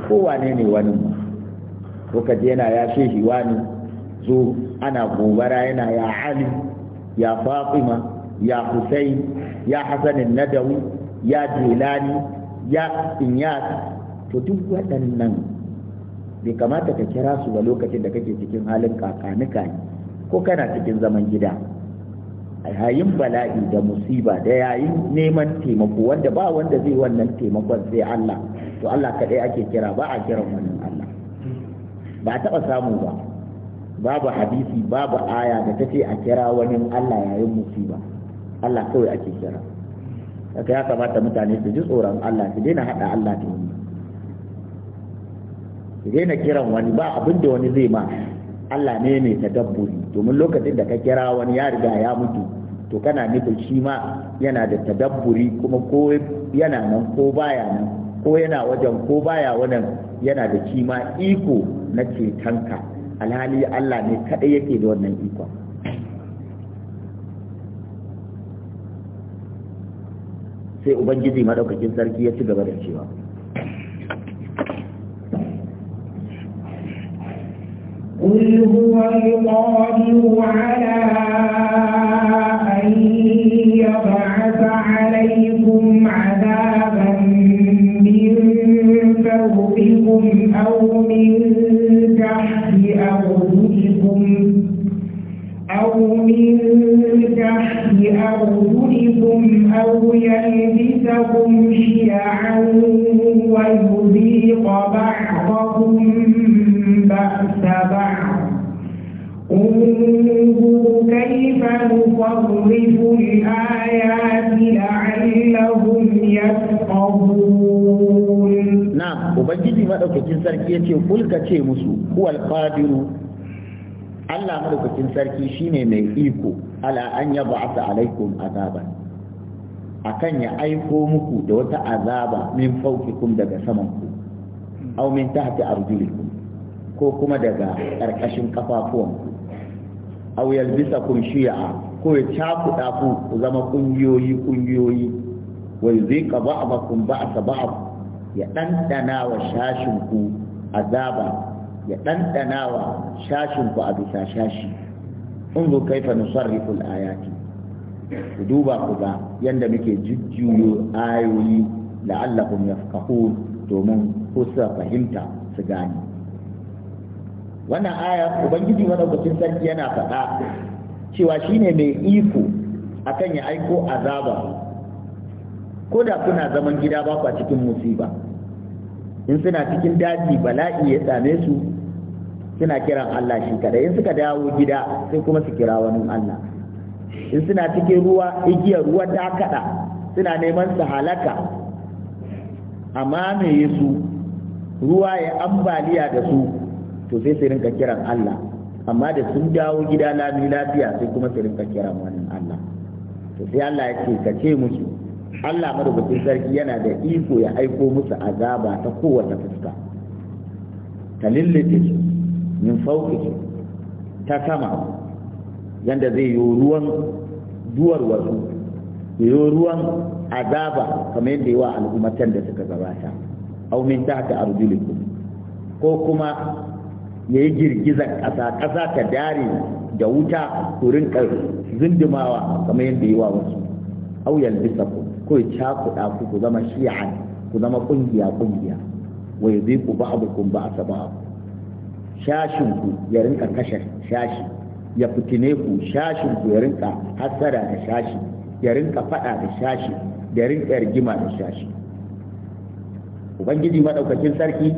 kowane ne wani mu ko ka yana ya shehi wani zo ana gobara yana ya Ali ya Fatima ya Hussain, ya Hassan Nadawi ya Jilani ya Inyas to duk waɗannan bai kamata ka kira su ba lokacin da kake cikin halin kakanika ne ko kana cikin zaman gida a yayin bala'i da musiba da yayin neman taimako wanda ba wanda zai wannan taimakon sai Allah to Allah kaɗai ake kira ba a kiran wannan Allah ba a taɓa samu ba babu hadisi babu aya da ta ce a kira wani Allah yayin musiba Allah kawai ake kira kaka ya kamata mutane su ji tsoron Allah su daina haɗa Allah da wani su daina kiran wani ba abin da wani zai ma Allah ne mai tadabburi domin lokacin da ka kira wani ya riga ya mutu to kana nufin shi ma yana da tadabburi kuma ko yana nan ko baya nan ko yana wajen ko baya wannan yana da shi ma iko na cetonka alhali Allah ne kaɗai yake da wannan ikon sai ubangiji madaukakin sarki ya ci gaba da cewa قل هو القادر على أن يبعث عليكم عذابا من فوقكم أو من تحت أرجلكم أو من تحت أرجلكم يكيدكم أو يلبسكم شيعا ويذيق بعضكم بأس بعض انظر كيف نصرف الآيات لعلهم يفقهون نعم وبجد ما كنت سركي يقول كتي مسو هو القادر Allah madaukakin sarki shine mai iko ala an yaba alaikum azaban akan ya aiko muku da wata azaba min fawqikum daga saman ku aw min tahti arjulikum ko kuma daga ƙarƙashin kafafuwan ku aw yalbisakum shi'a ko ya cakuɗa ku ku zama kungiyoyi kungiyoyi wa yuzika ba'dakum ba'sa ba'd ya dandana wa shashin ku azaba ya dandana wa shashin ku a bisa shashi unzu kaifa nusarrifu al-ayati ku duba ku ga yanda muke jujjuyo ayoyi la'allahum yafqahun domin kusa fahimta su gani wannan aya ubangiji madaukakin sarki yana faɗa cewa shine mai iko akan ya aiko azaba ko da kuna zaman gida ba kwa cikin musiba in suna cikin daji bala'i ya same su suna kiran Allah shi kada in suka dawo gida sai kuma su kira wani Allah in suna cikin ruwa igiyar ruwa ta kada suna neman su halaka amma mai su ruwa ya ambaliya da su to sai su rinka kiran Allah amma da sun dawo gida lami lafiya sai kuma su rinka kiran wannan Allah to sai Allah ya ce ka ce musu Allah madaukakin sarki yana da iko ya aiko musu azaba ta kowace fuska ta lillita su min fauki ta sama yanda zai yi ruwan duwar wasu yi ruwan azaba kamar yadda wa al'ummatan da suka gabata au min tahta ko kuma ya yi girgizar ƙasa ƙasa ta dare da wuta ku rinka zindimawa kamar yadda yi wa wasu au ku ko ya cakuɗa ku ku zama shi'an ku zama ƙungiya ƙungiya wai zai ba'dukum ba'sa ba'd shashin ku ya rinka kashe shashi ya fitine ku shashin ku ya rinka hasara da shashi ya rinka faɗa da shashi da rinka rigima da shashi ubangiji maɗaukakin sarki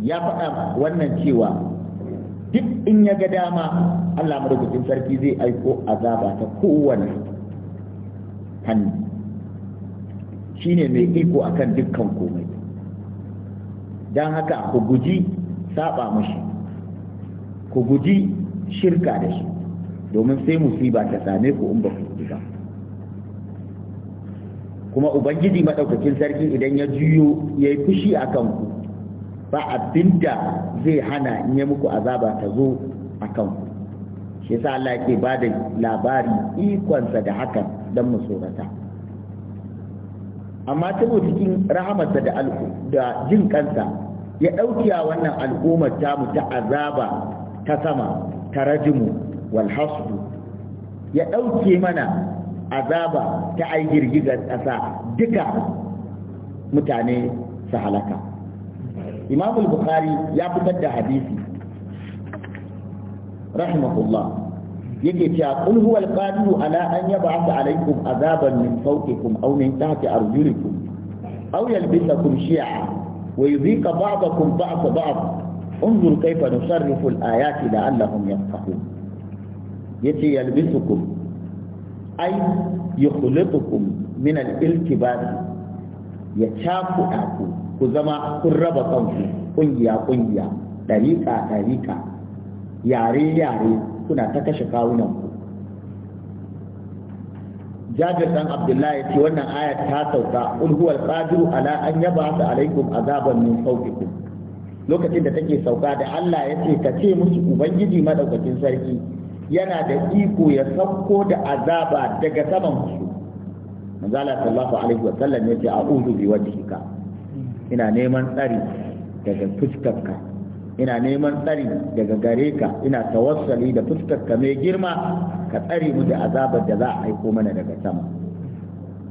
ya faɗa wannan cewa duk in ya ga dama allah maɗaukakin sarki zai aiko azaba ta kowane hannu shine mai iko akan dukkan komai don haka ku guji saba mashi ku guji shirka da shi domin sai musiba ta same ku in ba ku ba kuma ubangiji madaukakin sarki idan ya juyo ya yi fushi a kanku ba abinda zai hana in ya muku azaba ta zo a kanku shi yasa Allah yake ba da labari ikonsa da hakan don mu tsorata amma saboda cikin rahamarsa da jin kansa ya a wannan al'ummar tamu ta azaba ta sama ta rajimu wal hasbu ya ɗauke mana azaba ta ai girgizar ƙasa duka mutane su halaka imam bukhari ya fitar da hadisi rahimahullah yake cewa qul huwa al-qadiru ala an yab'ath alaykum azaban min fawqikum aw min tahti arjulikum aw yalbisakum shi'a wa yudhiqa ba'dakum ba'sa ba'd انظر كيف نصرف الآيات لعلهم يفقهون يتي يلبسكم أي يخلطكم من الالتباس يتشاكؤكم كزما قرب صنفي قنجيا قنجيا طريقة طريقة yare yare kuna ta kashe kawunan ku abdullahi ce wannan aya ta sauka ul huwal qadiru ala an basu alaikum azaban min lokacin da take sauka da Allah ya ce ka ce musu ubangiji madaukakin sarki yana da iko ya sauko da azaba daga saman su manzo Allah sallallahu alaihi wa sallam ya ce a'udhu bi wajhika ina neman tsari daga fuskarka ina neman tsari daga gare ka ina tawassali da fuskarka mai girma ka tsare mu da azabar da za a aiko mana daga sama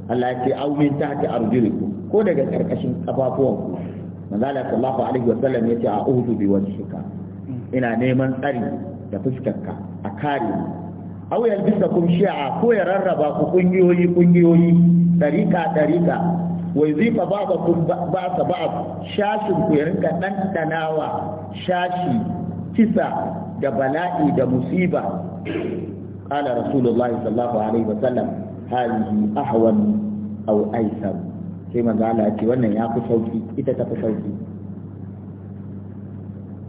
Allah ya ce au min tahti arjulikum ko daga karkashin kafafuwanku manzala sallallahu alaihi wasallam ya ce a uhudu bi wajhika ina neman tsari da fuskarka a kare aw yalbisakum shi'a ko ya rarraba ku kungiyoyi kungiyoyi dariqa dariqa wa yuzifa ba'dakum ba'sa ba'd shashin ku ya rinka dandanawa shashi kisa da bala'i da musiba qala rasulullahi sallallahu alaihi wasallam halihi ahwan aw aysar sai maza ala ce wannan ya fi sauki ita ta fi sauki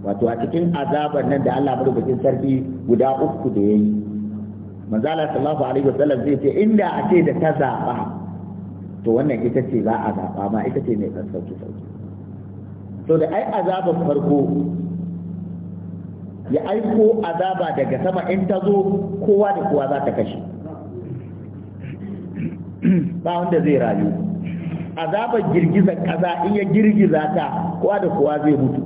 wato a cikin azabar nan da Allah bakin sarki guda uku da yayi Maza ala sallallahu alaihi wasallam zai ce inda a ce da ta zaba to wannan ita ce za a zaba ma ita ce mai sauki sauki to da ai azabar farko ya aiko azaba daga sama in ta zo kowa da kowa za ta kashe ba wanda zai rayu azabar girgizar kaza in ya girgiza ta kowa da kowa zai mutu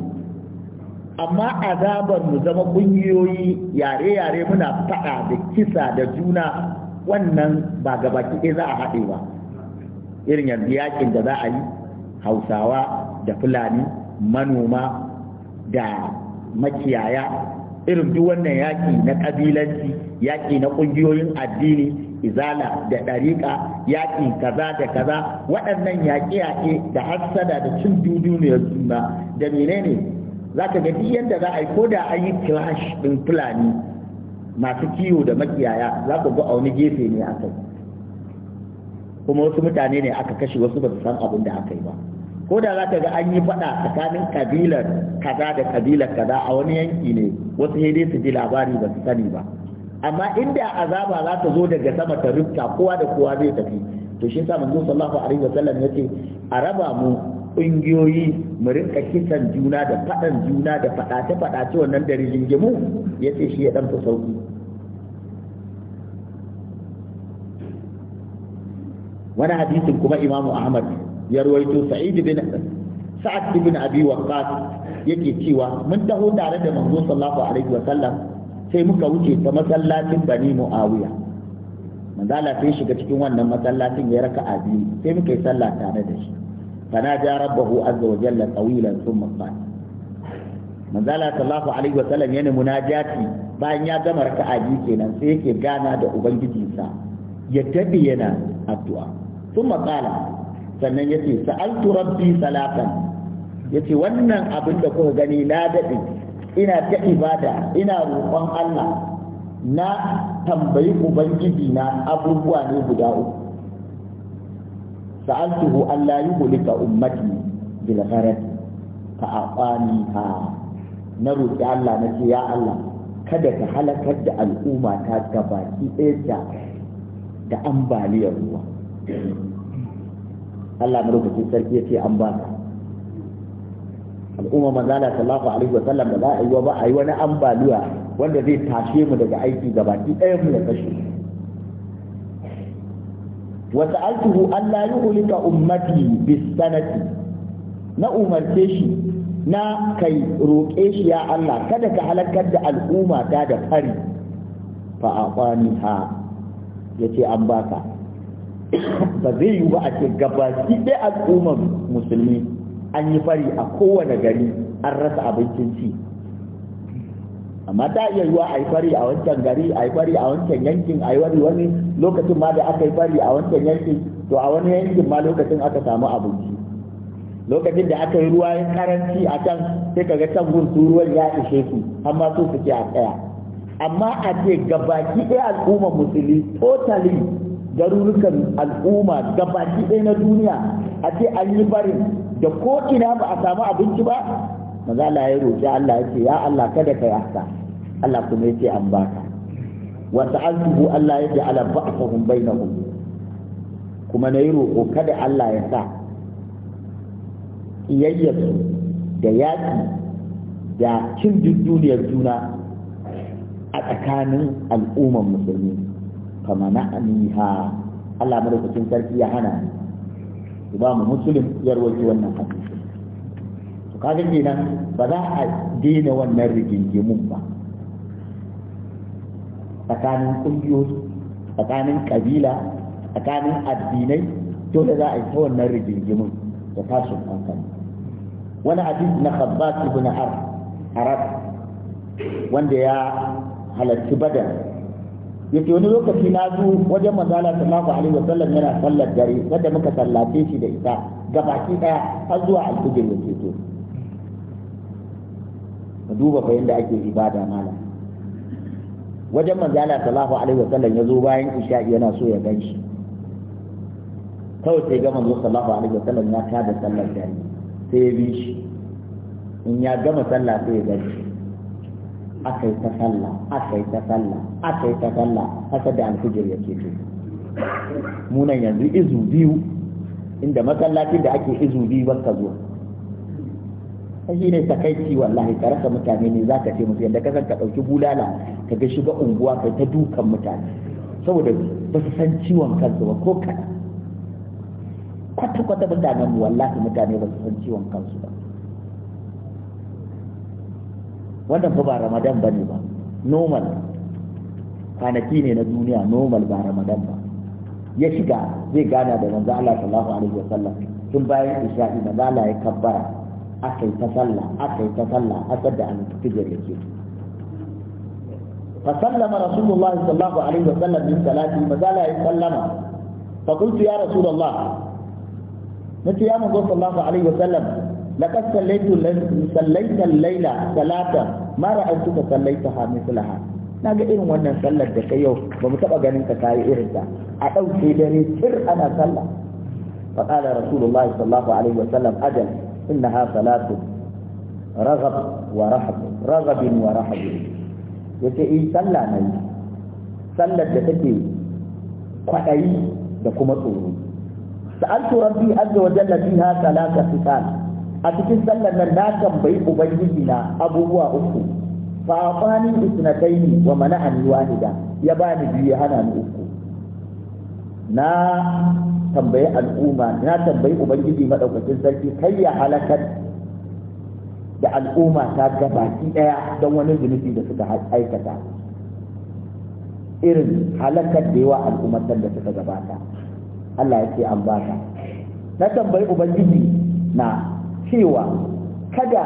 amma azabar mu zama kungiyoyi yare-yare muna faɗa da kisa da juna wannan ba gabaki ɗaya za a haɗe ba irin yanzu yakin da za a yi hausawa da fulani manoma da makiyaya irin duk wannan yaƙi na ƙabilanci yaƙi na ƙungiyoyin addini izala da ɗariƙa yaƙi kaza da kaza waɗannan yaƙe-yaƙe da hassada da cin duduniyar juna da menene za ka ga yadda za a yi ko da an yi clash ɗin fulani masu kiwo da makiyaya za ku ga a wani gefe ne aka yi kuma wasu mutane ne aka kashe wasu ba su san abin da aka yi ba ko da za ka ga an yi faɗa tsakanin kabilar kaza da kabilar kaza a wani yanki ne wasu dai su ji labari ba su sani ba amma inda azaba za ta zo daga sama ta rufta kowa da kowa zai tafi to shi sa manzo sallallahu alaihi wasallam yace a raba mu kungiyoyi mu rinka kisan juna da faɗan juna da fadace-fadace wannan da rigingimu yace shi ya dan fi sauki wani hadisin kuma imamu ahmad ya ruwaito sa'id bin sa'ad bin abi waqqas yake cewa mun taho tare da manzo sallallahu alaihi wasallam sai muka wuce ta masallacin bani mu'awiya manzala sai shiga cikin wannan masallacin ya raka a biyu sai muka yi sallah tare da shi fana ja rabbahu azza wa jalla tawilan thumma qala manzala sallallahu alaihi wa sallam yana munajati bayan ya gama a biyu kenan sai yake gana da ubangijinsa ya tabi yana addu'a thumma qala sannan yace sa'altu rabbi salatan yace wannan abin da kuka gani na dadi ina ta ibada ina roƙon Allah na tambayi ubangiji na abubuwa ne guda uku sa'altuhu Allah yi ga ummati bil gharati fa aqani ha na roƙi Allah na ce ya Allah kada ka halakar da al'umma ta gabaki ɗaya da ambaliyar ruwa Allah roƙi sarki ya ce an al'umma manzala sallallahu alaihi wa sallam da za a yi ba a yi wani ambaliya wanda zai tashe mu daga aiki gabaki ɗayan mu ya kashe wa sa'altuhu an la yuhlika ummati bis sanati na umarce shi na kai roƙe shi ya Allah kada ka halakar da al'umma ta da fari fa aqaniha yace an baka ba zai yi ba a ce gabaki ɗaya al'ummar musulmi an yi fari a kowane gari an rasa abincin ci amma ta iya yiwa a yi fari a wancan gari a yi fari a wancan yankin a yi wani wani lokacin ma da aka yi fari a wancan yankin to a wani yankin ma lokacin aka samu abinci lokacin da aka yi ruwa ya karanci a can sai kaga can gun ruwan ya ishe su amma so su ke a tsaya amma a ce gabaki ɗaya al'umma musulmi totally garurukan al'umma gabaki ɗaya na duniya a ce an yi barin da ko ina ba a samu abinci ba maza Allah ya roƙi Allah ya ce ya Allah kada ka yasa? Allah kuma ya ce an baka wa ta'altuhu Allah ya ce ala ba'sahum bainahum kuma na yi roƙo kada Allah ya sa iyayyarsu da yaƙi da cin dunduniyar juna a tsakanin al'ummar musulmi kama na amiha Allah madaukakin sarki ya hana ni imamu muslim ya rawaito wannan hadisi to kaga kenan ba za a daina wannan rigingimun ba tsakanin kungiyoyi tsakanin kabila tsakanin addinai dole za a yi ta wannan rigingimun da tashin hankali wani hadisi na khabbas ibn arab wanda ya halarci badar yace wani lokaci na zo wajen manzala sallallahu alaihi wasallam yana sallar dare wanda muka sallace shi da ita ga baki daya har zuwa alfijir yake to mu duba fa yanda ake ibada mala wajen manzala sallallahu alaihi wasallam ya zo bayan isha yana so ya ganshi, kawai sai ga manzo sallallahu alaihi wasallam ya tada sallar dare sai ya bi shi in ya gama sallah sai ya ganshi. aka yi ta sallah aka yi ta sallah aka yi ta sallah haka da alfijir ya ce munan yanzu izu biyu inda masallacin da ake izu biyu ban ka Ta shi ne takaici wallahi ka rasa mutane ne za ka ce musu yadda kasar ka ɗauki bulala ka ga shiga unguwa kai ta dukan mutane saboda ba su san ciwon kansu ba ko kaɗan kwata-kwata mutanen wallahi mutane ba su san ciwon kansu ba wannan fa ba ramadan ba ne ba normal kwanaki ne na duniya normal ba ramadan ba ya shiga zai gana da manzo Allah sallallahu alaihi sallam. tun bayan isha'i manzo Allah ya kabbara aka yi ta sallah aka yi ta sallah asar da al-fijr yake فسلم رسول الله صلى الله عليه وسلم من صلاته فقال يسلم فقلت يا رسول الله نتي يا من صلى الله عليه لقد صليت صليت الليل ثلاثا ما رأيتك صليتها مثلها na ga irin wannan sallar da kai yau ba mu taɓa ganin ka kayi irin ta a ɗauke dare tir ana sallah fa qala rasulullah sallallahu alaihi wa sallam ajal innaha salatu raghab wa rahab raghab wa rahab yace in sallah ne sallar da take kwadayi da kuma tsoro sa'altu rabbi azza wa jalla fiha salata fitan a cikin sallar nan na tambayi ubangiji na abubuwa uku fa afani isnataini wa mana'ani wahida ya bani biyu ya hana ni uku na tambayi al'umma na tambayi ubangiji madaukakin sarki kai ya halakar da al'umma ta gabaki daya don wani zunubi da suka aikata irin halakar da yawa al'ummatan da suka gabata Allah ya ce an ta. na tambayi ubangiji na cewa kada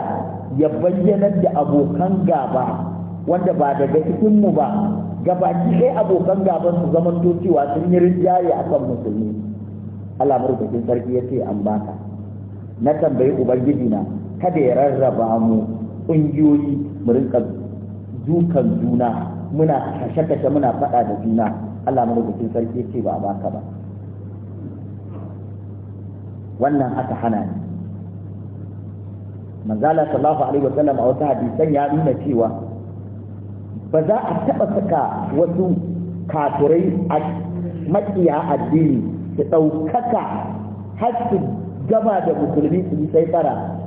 ya bayyana da abokan gaba wanda ba daga cikinmu ba gabaki ɗaya abokan gaba su zama to cewa sun yi rinjaye a kan musulmi Allah marubutun sarki ya ce an baka na tambayi ubangiji na kada ya rarraba mu ƙungiyoyi mu rinka dukan juna muna kashe muna faɗa da juna Allah marubutun sarki ya ce ba a baka ba wannan aka hana ni manzala sallallahu alaihi wa sallam a wasu hadisan ya nuna cewa ba za a taɓa saka wasu kafirai a makiya addini su ɗaukaka har su gaba da musulmi su yi sai fara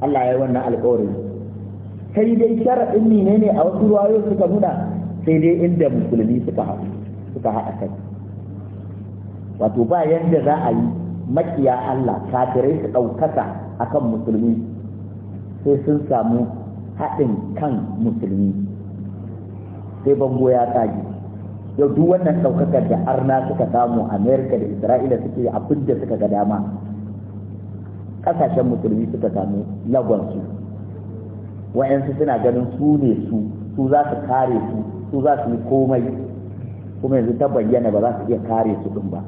Allah ya yi wannan alƙawari sai dai sharaɗin ne ne a wasu ruwayoyi suka nuna sai dai inda musulmi suka haɗa kai wato ba yadda za a yi makiya Allah kafirai su ɗaukaka akan musulmi sai sun samu haɗin kan musulmi sai bango ya tsage yau duk wannan ɗaukakar da arna suka samu amerika da isra'ila suke abin da suka ga dama ƙasashen musulmi suka samu lagonsu wa'yansu suna ganin su ne su su za su kare su su za su yi komai kuma yanzu ta bayyana ba za su iya kare su ɗin ba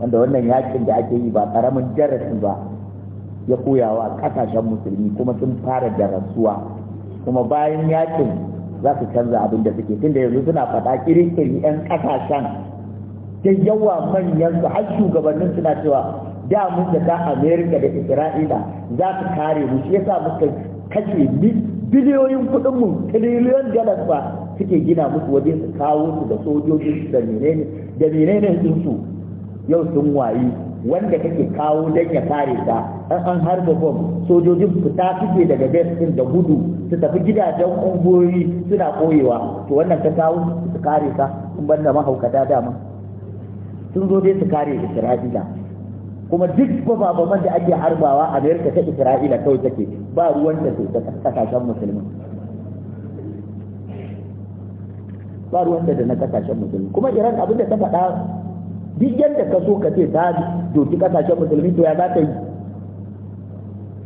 wanda wannan yakin da ake yi ba karamin darasi ba ya koyawa kasashen musulmi kuma sun fara darasuwa kuma bayan yakin za su canza abin da suke tunda yanzu suna faɗa kirkiri 'yan kasashen da yawa manyan su har shugabannin suna cewa da mun da ta amerika da isra'ila za su kare mu shi yasa muka kashe biliyoyin kuɗin mu triliyon dalar ba suke gina musu waje su kawo su da sojojin su da menene da menene su yau sun wayi wanda kake kawo don ya kare ka an an harba bom sojojin fita suke daga din, da gudu su tafi gidajen ungoyi suna koyewa to wannan ta kawo su kare ka in banda mahaukata dama sun zo dai su kare isra'ila kuma duk bababan da ake harbawa amerika ta isra'ila kawai take ba ruwan da ta kasashen musulmi ba ruwan da na kasashen musulmi kuma iran abin da ta faɗa duk yadda ka so ka ce ta doki kasashen musulmi to ya za ta yi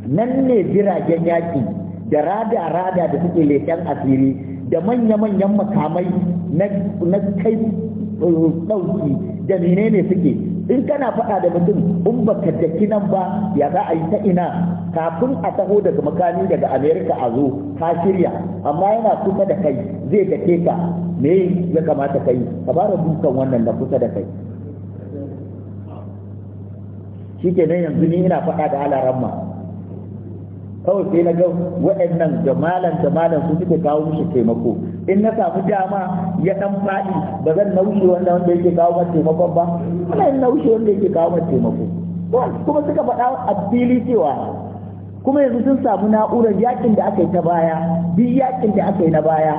nan ne jiragen yaƙi da rada-rada da suke leƙen asiri da manya-manyan makamai na kai uh, ɗauki da menene suke in kana faɗa da mutum in ba ka daki nan ba ya za a yi ta ina kafin a taho daga makami daga amerika a zo ka shirya amma yana kusa da kai zai dake ka me ya kamata ka yi ka fara dukan wannan na kusa da kai nan yanzu ni ina faɗa da alaramma kawai sai na ga waɗannan da malam da su suke kawo mishi taimako in na samu dama ya dan faɗi ba zan naushe wanda wanda yake kawo mata taimakon ba ana yin naushe wanda yake kawo mata taimako kuma suka faɗa a fili cewa kuma yanzu sun samu na'urar yakin da aka yi ta baya duk yakin da aka yi na baya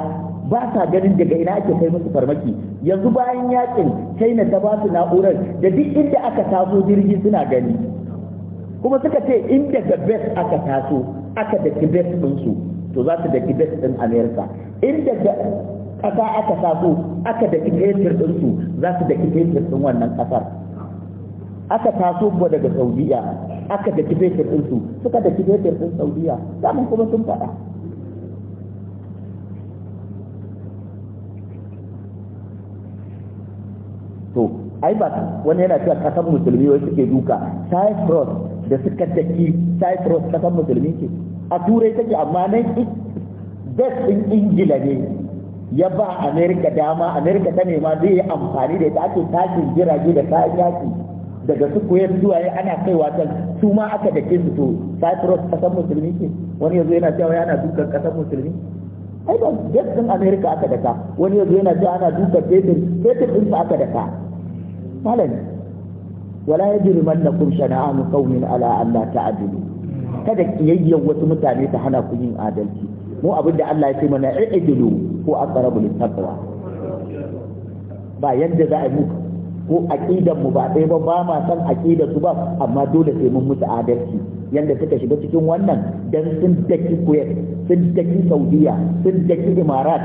ba sa ganin daga ina ake kai musu farmaki yanzu bayan yakin kai ta ba su na'urar da duk inda aka taso jirgi suna gani kuma suka ce in daga best aka taso aka da best ɗinsu to za su da best ɗin america in daga kasa aka taso aka da din ɗinsu za su da fetur ɗin wannan ƙasar aka taso ba daga saudiya aka da din ɗinsu suka da fetur ɗin saudiya samun kuma sun faɗa to ai ba wani yana cewa kasan musulmi wai suke duka cyprus da suka daki cyprus kasan musulmi ce a turai take amma nan best din ingila ne ya ba america dama america ta nema zai yi amfani da ita ake tashin jirage da kayan yaki daga su koyar zuwa yi ana kaiwa can su ma aka dake su to cyprus kasan musulmi ce wani yanzu yana cewa yana dukan kasan musulmi ai ba ɗin din america aka daka wani yanzu yana ji ana duka fetur fetur din aka daka malami wala yajri man nakum shana'anu qaumin ala alla ta'dilu kada kiyayyen wasu mutane ta hana ku yin adalci mu abin da Allah ya ce mana i'dilu ko aqrabu taqwa ba yadda za a yi ko aqidan mu ba dai ba ba ma san aqidatu su ba amma dole sai mun mutu adalci yadda suka shiga cikin wannan dan sun daki kuwait sun daki saudiya sun daki imarat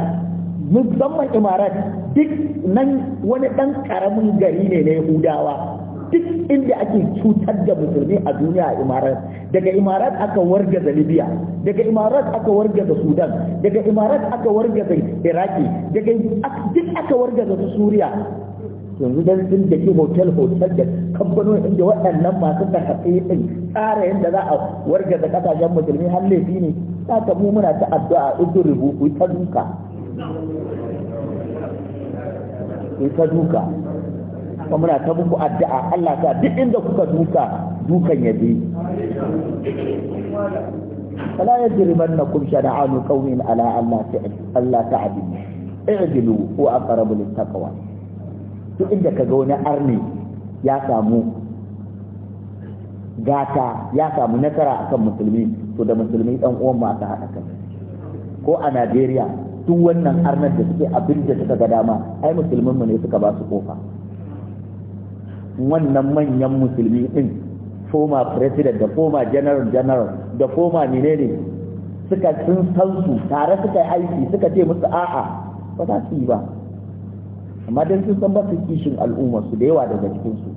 musamman imarat duk nan wani dan karamin gari ne na yahudawa duk inda ake cutar da musulmi a duniya a imarat daga imarat aka wargaza libya daga imarat aka wargaza sudan daga imarat aka wargaza iraki daga duk aka wargaza suriya yanzu dan sun da ke hotel hotel da kamfanoni inda waɗannan masu takatsi din tsara yadda za a warga da kasashen musulmi har laifi ne za ka mu muna ta addu'a ku, rubu ta duka ta duka kuma muna ta muku addu'a Allah ta duk inda kuka duka dukan ya je fala yajrimannakum shana'anu qawmin ala Allah ta'ala ta'dilu i'dilu wa aqrabu lit taqwa duk inda ka ga wani arni ya samu gata ya samu nasara akan musulmi to da musulmi ɗan uwan ma haɗa kai ko a Najeriya duk wannan arnar da suke abin da suka ga dama ai musulmin mu ne suka ba su kofa wannan manyan musulmi ɗin, Foma president da Foma general general da Foma menene suka sun san su tare suka yi aiki suka ce musu a'a ba za su yi ba amma dan sun san ba su kishin al'umma su da yawa daga cikin su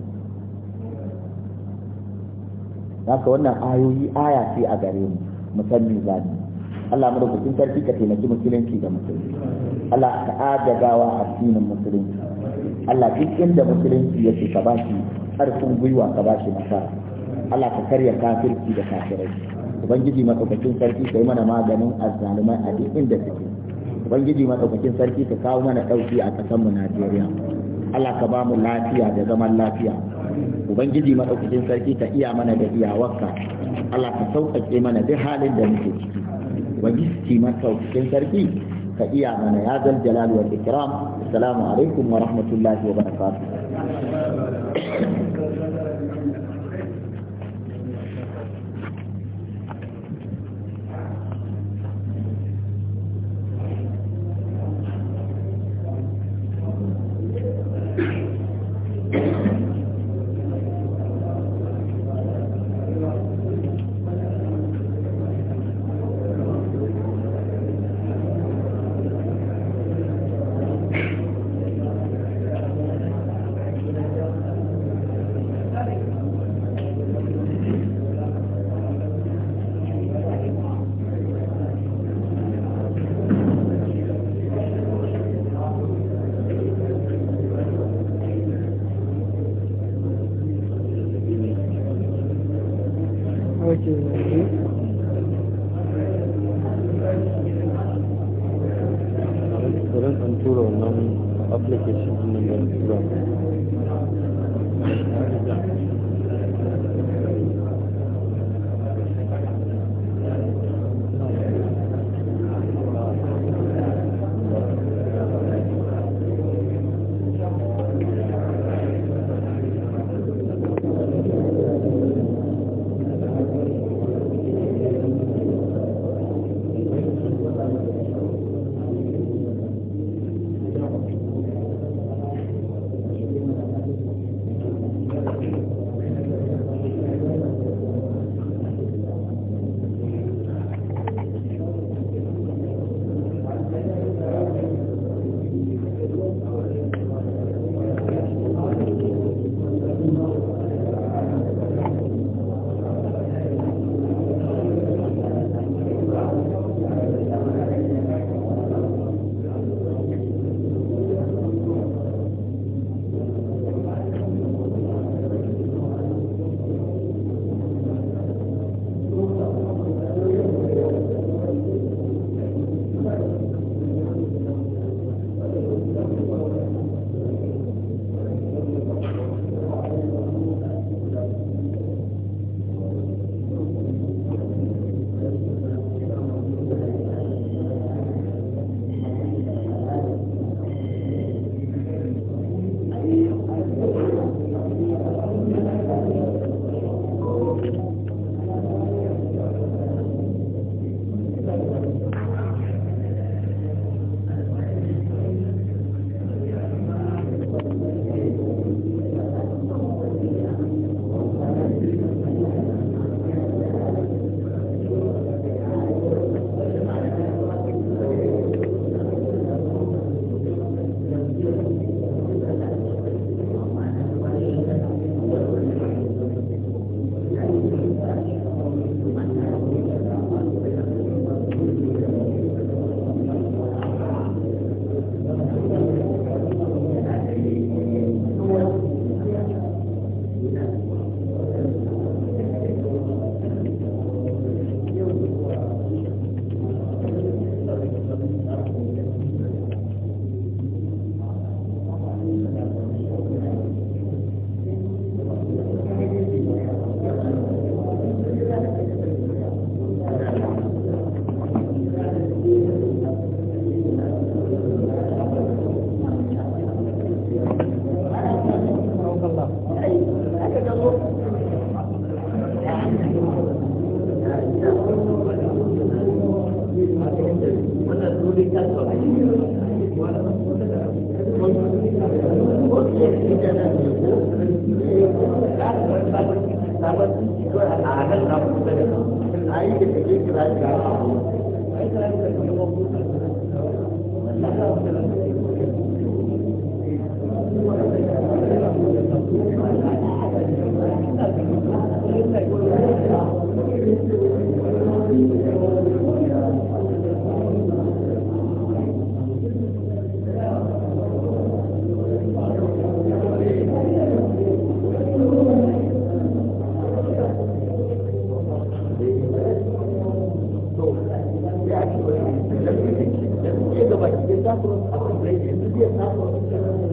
haka wannan ayoyi aya ce a gare mu mu san me mu Allah madaukakin sarki ka taimaki musulunci da musulunci Allah ka adagawa addinin musulunci Allah duk inda musulunci yake ka ba shi karfin gwiwa ka ba shi nasara Allah ka karya kafirci da kafirai ubangiji madaukakin sarki sai mana maganin azzalumai a duk inda suke ubangiji madaukakin sarki ka kawo mana dauki a kasar mu Najeriya Allah ka ba mu lafiya da zaman lafiya ubangiji madaukakin sarki ka iya mana da iyawarka Allah ka sauƙaƙe mana duk halin da muke ciki ubangiji madaukakin sarki ka iya mana ya zal jalal wal ikram assalamu alaikum wa rahmatullahi wa barakatuh wurin an tura wannan application din nan da tura